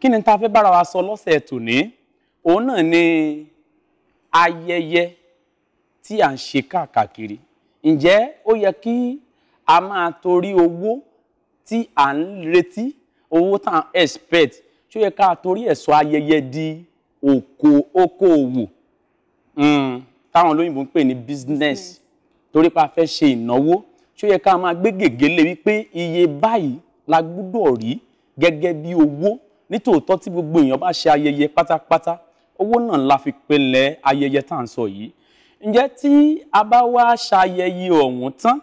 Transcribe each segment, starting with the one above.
kí ni tá a fẹ́ bára wa sọ lọ́sẹ̀ tòní òun náà ni ayẹyẹ tí à ń ṣe káàkiri ǹjẹ́ ó yẹ kí a máa torí owó tí à ń retí owó tá à ń expect ṣó yẹ ká torí ẹ̀sọ́ ayẹyẹ di oko okòòwò hmm, táwọn olóyìnbó ń pè ní business hmm. torí pa fẹ́ ṣe ìnáwó ṣó yẹ ká máa gbé gègé lé wípé iye báyìí la gbúdọ̀ rí gẹ́gẹ́ bí owó nítòótọ́ tí gbogbo èèyàn bá ṣe ayẹyẹ pátápátá owó náà la fi pẹlẹ̀ ayẹyẹ tá à ń sọ yìí ǹjẹ́ tí a bá wá ṣayẹyẹ ọ̀hún tán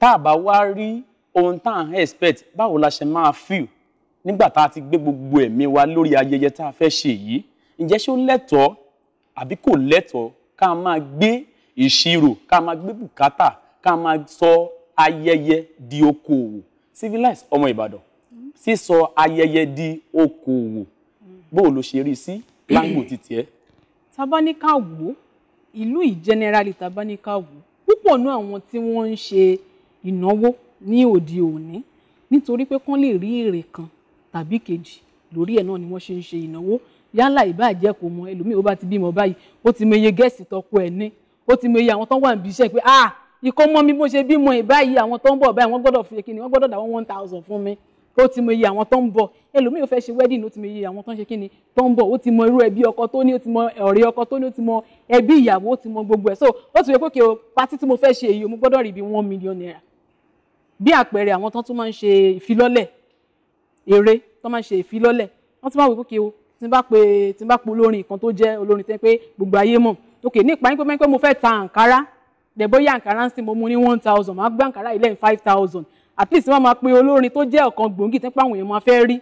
tá a bá wá rí ohun tá à ń expect báwo la ṣe máa feel nígbà tá a ti gbé gbogbo ẹ̀mí wa lórí ayẹyẹ tá a fẹ́ ṣe yìí ǹjẹ́ ṣé ó lẹ́tọ̀ọ́ àbí kò lẹ́tọ̀ọ́ ká máa gbé ìṣirò ká máa gbé bùkátà ká máa sọ ayẹyẹ di okòòwò civilized ọmọ Ìbàdàn sísọ ayẹyẹ di okòwò bó o ló ṣe rí sí láńgbò títí ẹ. tabaníkà wò ìlú yìí generally tabaníkà wò púpọ̀ nú àwọn tí wọ́n ń ṣe ìnáwó ní òde òní nítorí pé kán lè rí èrè kan tàbí kejì lórí ẹ̀ náà ni wọ́n ṣe ń ṣe ìnáwó yálà ìbàjẹ́ kò mọ ẹlòmíì ó bá ti bímọ báyìí ó ti mọ iye gẹ̀ẹ́sì tọkọ ẹ̀ ní ó ti mọ iye àwọn tó wà níbi iṣẹ́ pé ah ìkọ́mọ́ mi bó ṣe bímọ ìbáyìí àwọn tó ń bọ̀ báyìí wọ́n gbọ́dọ̀ fi kíni wọ́n gbọ́dọ̀ dà wọ́n one thousand fún mi ó ti mọ iye àwọn tó ń bọ̀ ẹlòmíì ò fẹ́ ṣe wedding ó ti mọ iye àwọn tó ń ṣe kí ni tó ń bọ̀ ó ti mọ irú ẹbí ọkọ tó ní ó ti mọ ọ̀rẹ́ ọkọ tó ní ó ti mọ ẹbí ìyàwó ó ti mọ gbogbo ẹ̀ so ó ti rẹ pé kí o pátí tí mo fẹ́ ṣe èyí mo gbọ́dọ̀ rí bí one million naira bí àpẹẹrẹ àwọn tó tún máa ń ṣe ìfilọ́lẹ̀ eré tó máa ń ṣe ìfilọ́lẹ̀ wọ́n ti máa wò pé kí o tí n bá pe tí n bá pe olórin mo fẹ́ one thousand màá gbé àǹkárá five thousand at least wọ́n máa pe olórin tó jẹ́ ọ̀kan gbòǹgì tẹ́pẹ́ àwọn èèyàn máa fẹ́ rí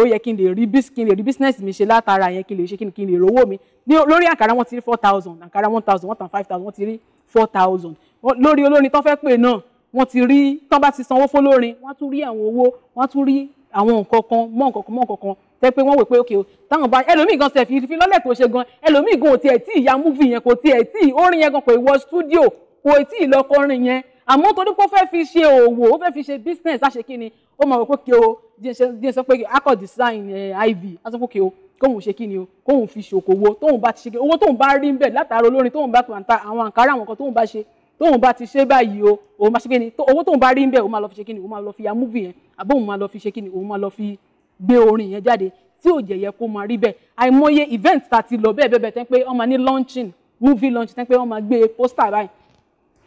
ó yẹ kí n lè rí kí n lè rí business mi ṣe látara yẹn kí n lè ṣe kí n lè rówó mi ní lórí àǹkárá wọ́n ti rí four thousand àǹkárá one thousand one thousand five thousand wọ́n ti rí four thousand lórí olórin tó fẹ́ pè náà wọ́n ti rí tán bá ti sanwó fólórin wọ́n tún rí àwọn owó wọ́n tún rí àwọn nǹkan kan mọ́ nǹkan kan mọ́ nǹkan kan tẹ́ pé wọ́n wò pé okay táwọn bá ẹlòmíì gan ṣẹ̀fì fi lọ́lẹ̀ tó ṣe gan ẹlòmíì gan ò tiẹ̀ tí ìyá múfì yẹn kò tiẹ̀ tí orin yẹn gan kò wọ stúdíò kò tí ì lọ kọrin yẹn àmọ́ torí pé ó fẹ́ fi ṣe òwò ó fẹ́ fi ṣe business á ṣe kí ni ó máa wọ pé kí o díẹ̀ sọ pé akọ design eh, iv á sọ pé kí o kóun ṣe kí ni o kóun fi ṣòkòwò tóun bá ti ṣe owó tóun bá rí ń bẹ̀ látara olórin tóun bá pàǹtà àwọn àǹkárá àwọn kan tóun bá ṣe tóun bá ti ṣe báyìí o òun máa ṣe kí ni owó tóun bá rí ń bẹ̀ òun máa lọ fi ṣe kí ni òun máa lọ fi ya múvì yẹn àbóun máa lọ fi ṣe kí ni òun máa lọ fi gbé orin yẹn jáde tí ò jẹ̀yẹ kó máa rí bẹ́ẹ̀ àìmọye event ta ti lọ bẹ́ẹ̀ bẹ́ẹ̀ tẹ́ pé wọ́n máa ní launching movie launch tẹ́ pé wọ́n máa gbé poster báyìí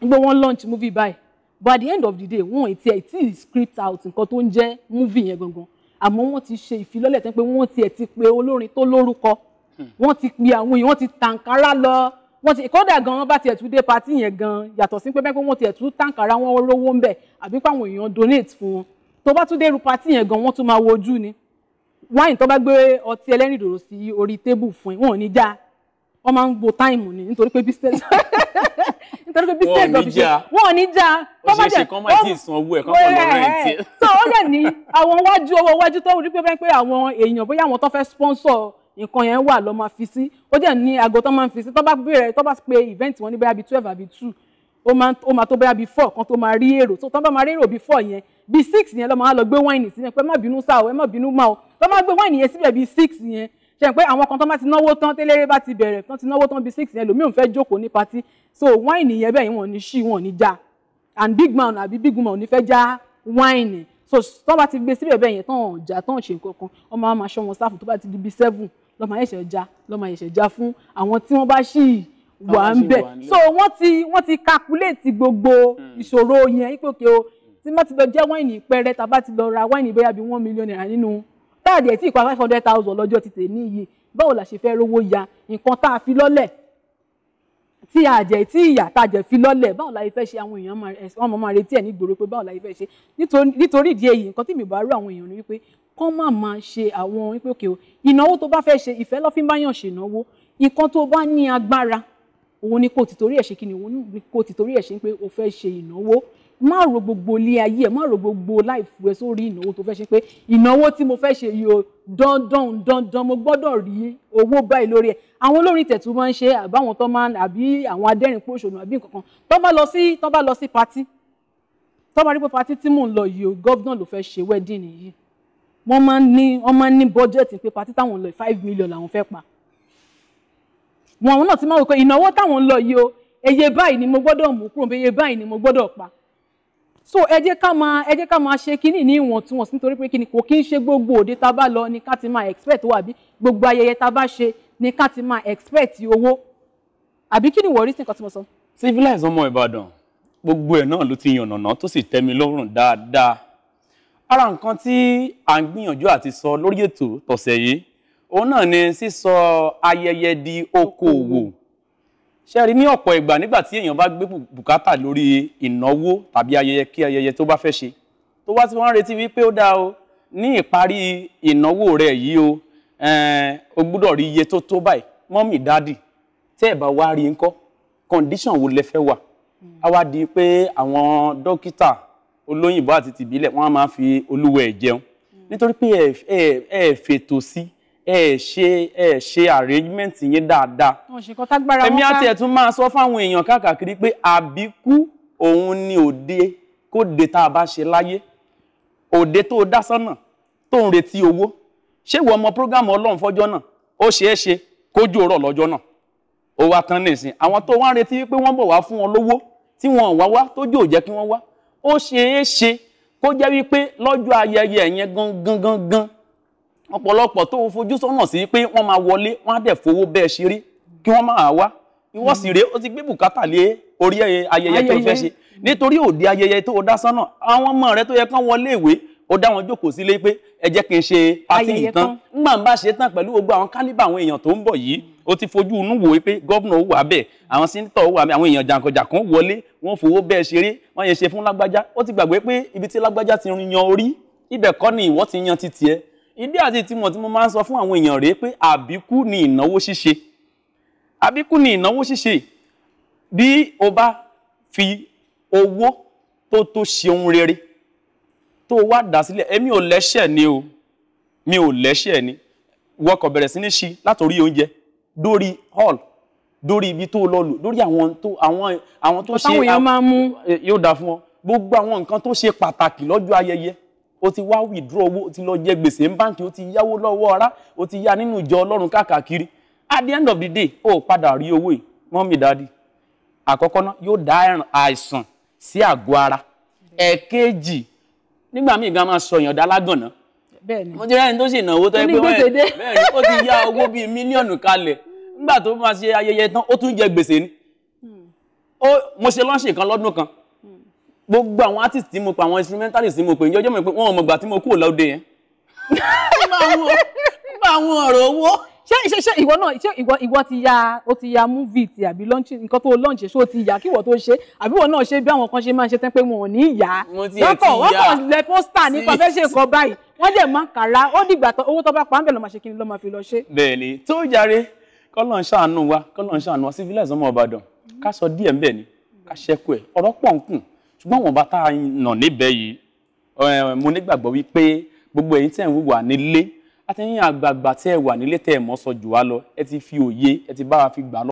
gbọ́ wọ́n launch movie báyìí but at the end of the day wọn ètí ẹ̀ tí script out nǹkan tó ń jẹ́ movie yẹn gangan àmọ́ wọ́n ti ṣe ìfilọ́lẹ̀ tẹ́ pé wọ́n ti ẹ̀ ti pe olórin tó lórúkọ hmm. wọ́n ti pe àwọn èèyàn wọ́n ti tàǹkárá lọ wọ́n ti kódà gan wọ́n bá tiẹ̀ tún dé party yẹn gan yàtọ̀ sí pé bẹ́ẹ̀ pé wọ́n tiẹ̀ tún tàǹkárá wọn rówó ń bẹ̀ àbí pé àwọn èèyàn donate fún wọn tó bá tún dé irú party yẹn gan wọ́n tún máa wojú ni wáìnì tó bá gbé ọtí ẹlẹ́rìndòdò sí orí tébù fún ẹ wọn ò ní já wọ́n máa ń gbo táìmù ni nítorí pé business nítorí pé business of ṣe wọn ò ní já òṣèṣe kan máa ti san owó ẹ̀ kan pọ̀ lọ́rọ̀ ẹ̀ tiẹ̀. so ó lè ní àwọn wájú owó wájú tó rí pé bẹ́ẹ̀ pé àwọn èèyàn bóyá àwọn tó fẹ́ sponsor nǹkan yẹn wà lọ́ máa fi sí ó jẹ́ ní aago tó máa ń fi sí tó bá bẹ̀rẹ̀ tó bá pe event wọn ní bóyá bíi twelve àbí two ó máa tó bóyá bíi four kan tó máa rí èrò tó tán máa rí èrò bíi four yẹn bíi six yẹn lọ́ máa lọ gbé wáìnì sílẹ̀ pé má bínú sáà ẹ má bínú máa o lọ́ máa gbé wáìnì yẹn síbẹ̀ bíi six yẹn ṣe pé àwọn kan tó bá ti náwó tán téléré bá ti bẹ̀rẹ̀ tán ti náwó tán bíi six yẹn lòmíì ò fẹ́ jókòó ní patí so wáìnì yẹn bẹ́ẹ̀ wọ́n ní ṣí wọ́n ní já and big man àbí big woman ò ní fẹ́ já wáìnì so tó bá ti gbé síbẹ̀ bẹ́ẹ̀ yẹn tán ọ̀jà tán ṣe nǹkan kan wọ́n máa máa ṣọ́ wọn sáfù tó bá ti di bíi seven lọ́mọ ayẹ̀ṣẹ̀ já lọ́mọ ayẹ̀ṣẹ̀ já fún àwọn tí wọ́n bá ṣì wà ń bẹ̀ so wọ́n ti wọ́n ti calculate gbogbo hmm. ìṣòro yẹn ipò kí o tí wọ́n ti lọ jẹ́ wáìnì pẹ́rẹ́ tàbá ti lọ ra wáìnì bóyá bíi one million naira nínú tá a dẹ̀ tí ìpa five hundred thousand lọ́jọ́ ti tèmi yìí báwo la ṣe fẹ́ rówó ya nǹkan tá a fi lọ́lẹ̀ tí a jẹ tí ìyà tá a jẹ fi lọ́lẹ̀ báwo la fẹ́ ṣe àwọn èèyàn wọn máa retí ẹ̀ nígboro pé báwo la fẹ́ ṣe nítorí ìdí èyí nǹkan tí mi bá rú àwọn èèyàn ni wípé kán má máa ṣe àwọn wípé òkè o ìnáwó tó bá fẹ́ ṣe ìfẹ́ lọ́fín bá yàn ṣènáwó nǹkan tó bá ní agbára òun ni kò tìtorí ẹ̀ ṣe kí ni òun ni kò tìtorí ẹ̀ ṣe pé o fẹ́ ṣe ìnáwó má ro gbogbo ilé ayé ẹ má ro gbogbo láìfu ẹ sórí ìnáwó tó fẹ́ ṣe pé ìnáwó tí mo fẹ́ ṣe yìí o dandan dandan mo gbọ́dọ̀ rí owó báyìí lórí ẹ àwọn olórin tẹ̀tù máa ń ṣe àbáwọn tó máa ń àbí àwọn adẹ́rìn pòṣónú àbí nǹkan kan tó bá lọ sí tó bá lọ sí patí tó bá rí pé patí tí mò ń lọ yìí o gọ́vnà ló fẹ́ ṣe wedding yìí wọ́n máa ń ní wọ́n máa ń ní budget pé patí táwọn lọ five million làwọn fẹ́ pa wọn àwọn náà ti máa wò pé ìnáwó táwọn lọ yìí o eye báyìí ni mo gbọ́dọ̀ mú kúrò eye báyìí ni mo gbọ́dọ̀ pa so ẹ jẹ́ ká máa ẹ jẹ́ ká máa ṣe kínní ní ìwọ̀ntúnwọ̀nsí nítorí pé kínní kò kí ń ṣe gbogbo òde tá a bá lọ ni ká ti máa expect owó àbí gbogbo ayẹyẹ tá a bá ṣe ni ká ti máa expect owó àbí kí ni wọ́n sí nǹkan tí mo sọ. civilize ọmọ Ìbàdàn gbogbo ẹ̀ náà ló ti yànnàná tó sì tẹ́ mi lọ́rùn dáadáa ara nǹkan tí à ń gbìyànjú àti sọ lórí ètò tọ̀sẹ̀ yìí òun náà ni sísọ ayẹyẹ di okòòwò ṣe rí ní ọ̀pọ̀ ìgbà nígbà tí èèyàn bá gbé bùkátà lórí ìnáwó tàbí ayẹyẹ kí ayẹyẹ tó bá fẹ́ ṣe tó wá tí wọ́n ń retí wípé ó dáa o ní ìparí ìnáwó rẹ̀ yìí o eh, o gbúdọ̀ rí iye tó tó báyìí mọ́mì dáàdì tẹ́ ẹ̀ bá wá rí ńkọ́ condition wo lẹ fẹ́ wà á hmm. wá di pé àwọn dókítà olóyìnbó àti tìbílẹ̀ wọ́n á máa fi olúwẹ̀ jẹun hmm. nítorí pé ẹ ẹ fètò sí i ẹ ṣe ẹ ṣe arrangement yín dáadáa. wọn ṣe kọtá gbára wọn ká èmi àti ẹ tún máa sọ fáwọn èèyàn káàkiri pé àbíkú òun ni òde kóde tá a bá ṣe láyé òde tó dá sọ́nà tó ń retí owó ṣé ìwọ ọmọ prógámù ọlọ́run fọ́jọ́ náà ó ṣeé ṣe kójú ọ̀rọ̀ lọ́jọ́ náà ó wá tán nìsín àwọn tó wá ń retí wípé wọ́n bọ̀ wá fún wọn lówó tí wọn wá wá tójú ò jẹ́ kí wọ́n wá ó ṣeé ṣe kó jẹ́ wípé lọ́jọ́ ayẹyẹ yẹn gangan gangan ọ̀pọ̀lọpọ̀ tó o fojú sọ́nà sí pé wọ́n máa wọlé wọ́n á dẹ̀ fowó bẹ́ẹ̀ ṣe rí kí wọ́n máa wá ìwọ sì rèé ó ti gbé bùkátà lé orí ayẹyẹ tó fẹ́ ṣe nítorí òde ayẹyẹ tó o dá sọ́nà àwọn ọmọ rẹ tó yẹ kán wọlé ìwé ó dá wọn jókòó sílé pé ẹ jẹ́ kí n ṣe pátì ìtàn ńgbà ń bá ṣe tán pẹ̀lú gbogbo àwọn kálíbà àwọn èèyàn tó ń bọ̀ yìí ó ti fojú inú wò pé gómìnà ó wà bẹ́ẹ̀ àwọn sínítọ̀ ó wà bẹ́ẹ̀ àwọn èèyàn jàǹkànjàǹkàn wọlé wọ́n fowó bẹ́ẹ̀ ṣeré wọ́n yẹn ṣe fún lágbájá ó ti gbàgbé pé ibi tí lágbájá ti yan orí ibẹ̀ kọ́ ni ìwọ ti yan titi ẹ ìdí àti ìtumọ̀ tí mo máa ń sọ fún àwọn èèyàn rèé pé àbíkú ni ìnáwó ṣíṣe àbíkú ni ìnáwó ṣíṣe bí o bá fi owó tó tó ṣe ohun rere tó wá dà sílẹ̀ èmi ò lẹ́ṣẹ̀ ni o mi ò lẹ́ṣẹ̀ ni wọkọ̀ bẹ̀rẹ̀ sí ní ṣí látòrí oúnjẹ dórí hall dórí ibi tó lọ lò dórí àwọn tó àwọn àwọn tó ṣe yóò dà fún ọ gbogbo àwọn nǹkan tó ṣe pàtàkì lọ́jọ́ ayẹyẹ o ti wá withdraw owó o ti lọ jẹ gbèsè ń báǹkì o ti yáwó lọ́wọ́ ara o ti yá nínú ìjọ ọlọ́run káàkiri at the end of the day o padà rí owó yìí mọ́mí dáàdì àkọ́kọ́ náà yóò dá àìsàn sí àgọ́ ara ẹ̀ẹ̀kejì nígbà míì gan máa sọ èèyàn dá lágànná mo ti rẹ́ni tó sì náwó tó yẹ pé bẹ́ẹ̀ ó ti yá owó bíi mílíọ̀nù kalẹ̀ nígbà tó máa ṣe ayẹyẹ tán ó tún jẹ gbèsè ni hmm. mo ṣe lọ́ọ̀ṣì kan lọ́dún kan gbogbo àwọn artist tí mo pa àwọn instrumentalist tí mo pè ní ọjọ́ mi pé wọ́n mọ̀ gbà tí mo kúrò lọ́dẹ yẹn. nígbà àwọn ọ̀rọ̀ owó. ṣé ṣé ṣé ìwọ náà ṣé ìwọ ìwọ ti ya o ti ya movie ti àbí launch nǹkan tó launch ṣé o ti ya kí ìwọ tó ṣe àbí ìwọ náà ṣe bí àwọn kan ṣe máa ń ṣe tán pé wọn ò ní ìyá. mo ti ẹ̀ ti ya wọ́n kàn lẹ pósítà nípa fẹ́ ṣe nǹkan báyìí wọ́n dẹ̀ máa kàrà ó dìgbà owó tó bá pa á bẹ̀ lọ́ máa ṣe kí ni lọ́ máa fi lọ ṣe. bẹ́ẹ̀ni tó jàre kọlọ́n ṣàánú wa kọlọ́n ṣàánú wa civilize ọmọ ọbàdàn ká sọ díẹ̀ ń bẹ̀ ni ká ṣẹ́kù ẹ̀ ọ̀rọ̀ pọ̀ ń ṣùgbọ́n wọn bá tá a nà níbẹ̀ yìí eh, mo nígbàgbọ́ wípé gbogbo ẹ̀yin tẹ̀ ń wà nílé àtẹ̀yìn àgbààgbà tẹ́ ẹ wà nílé tẹ́ ẹ sọ jù wá lọ ẹ ti fi òye ẹ ti bá wa fi gbà